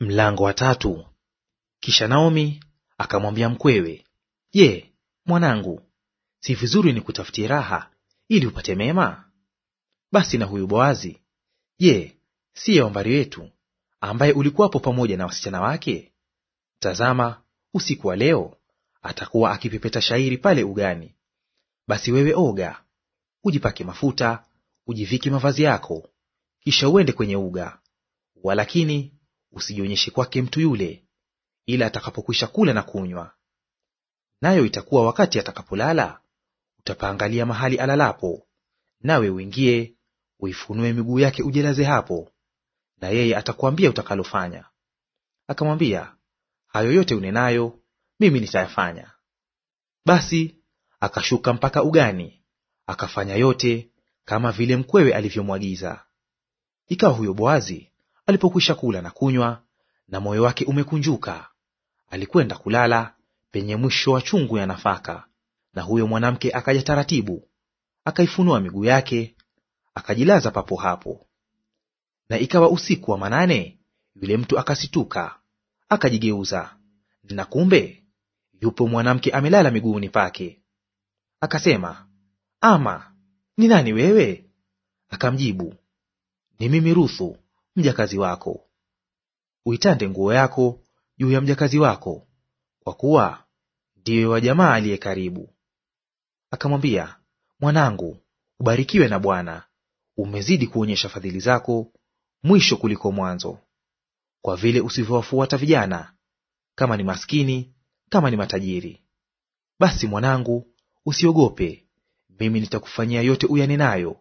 Mlango wa tatu. Kisha Naomi akamwambia mkwewe, Je, mwanangu, si vizuri ni kutafutie raha ili upate mema? Basi na huyu Boazi, je, siye wambari wetu, ambaye ulikuwapo pamoja na wasichana wake? Tazama, usiku wa leo atakuwa akipepeta shairi pale ugani. Basi wewe oga, ujipake mafuta, ujivike mavazi yako, kisha uende kwenye uga. Walakini usijionyeshe kwake mtu yule, ila atakapokwisha kula na kunywa. Nayo itakuwa wakati atakapolala, utapaangalia mahali alalapo, nawe uingie uifunue miguu yake, ujilaze hapo, na yeye atakuambia utakalofanya. Akamwambia, hayo yote unenayo mimi nitayafanya. Basi akashuka mpaka ugani, akafanya yote kama vile mkwewe alivyomwagiza. Ikawa huyo Boazi Alipokwisha kula na kunywa, na moyo wake umekunjuka, alikwenda kulala penye mwisho wa chungu ya nafaka. Na huyo mwanamke akaja taratibu, akaifunua miguu yake, akajilaza papo hapo. Na ikawa usiku wa manane, yule mtu akasituka, akajigeuza, na kumbe yupo mwanamke amelala miguuni pake. Akasema, ama ni nani wewe? Akamjibu, ni mimi Ruthu, mjakazi wako. Uitande nguo yako juu ya mjakazi wako, kwa kuwa ndiwe wa jamaa aliye karibu. Akamwambia, mwanangu, ubarikiwe na Bwana, umezidi kuonyesha fadhili zako mwisho kuliko mwanzo, kwa vile usivyowafuata vijana, kama ni maskini, kama ni matajiri. Basi mwanangu, usiogope, mimi nitakufanyia yote uyanenayo,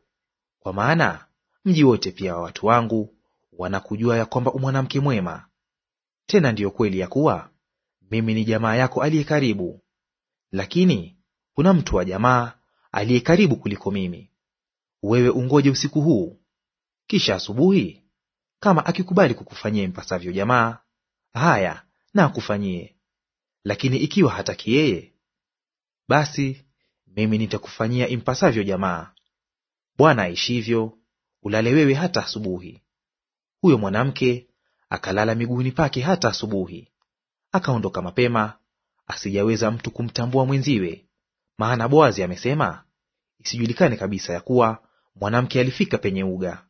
kwa maana mji wote pia wa watu wangu wanakujua ya kwamba umwanamke mwema. Tena ndiyo kweli ya kuwa mimi ni jamaa yako aliye karibu, lakini kuna mtu wa jamaa aliye karibu kuliko mimi. Wewe ungoje usiku huu, kisha asubuhi, kama akikubali kukufanyia impasavyo jamaa, haya na akufanyie; lakini ikiwa hataki yeye, basi mimi nitakufanyia impasavyo jamaa. Bwana aishivyo, ulale wewe hata asubuhi. Huyo mwanamke akalala miguuni pake hata asubuhi. Akaondoka mapema, asijaweza mtu kumtambua mwenziwe, maana Boazi amesema isijulikane kabisa ya kuwa mwanamke alifika penye uga.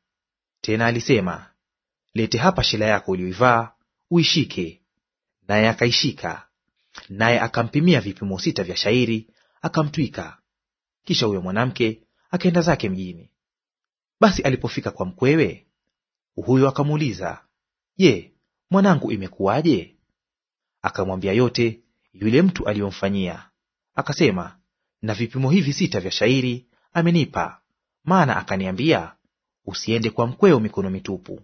Tena alisema, lete hapa shela yako uliyoivaa uishike. Naye akaishika, naye akampimia vipimo sita vya shairi akamtwika. Kisha huyo mwanamke akaenda zake mjini. Basi alipofika kwa mkwewe, huyo akamuuliza, Je, mwanangu, imekuwaje? Akamwambia yote yule mtu aliyomfanyia. Akasema, na vipimo hivi sita vya shairi amenipa, maana akaniambia, usiende kwa mkweo mikono mitupu.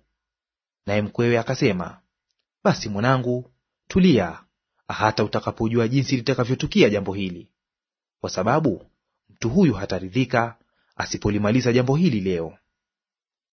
Naye mkwewe akasema, basi mwanangu, tulia hata utakapojua jinsi litakavyotukia jambo hili, kwa sababu mtu huyu hataridhika asipolimaliza jambo hili leo.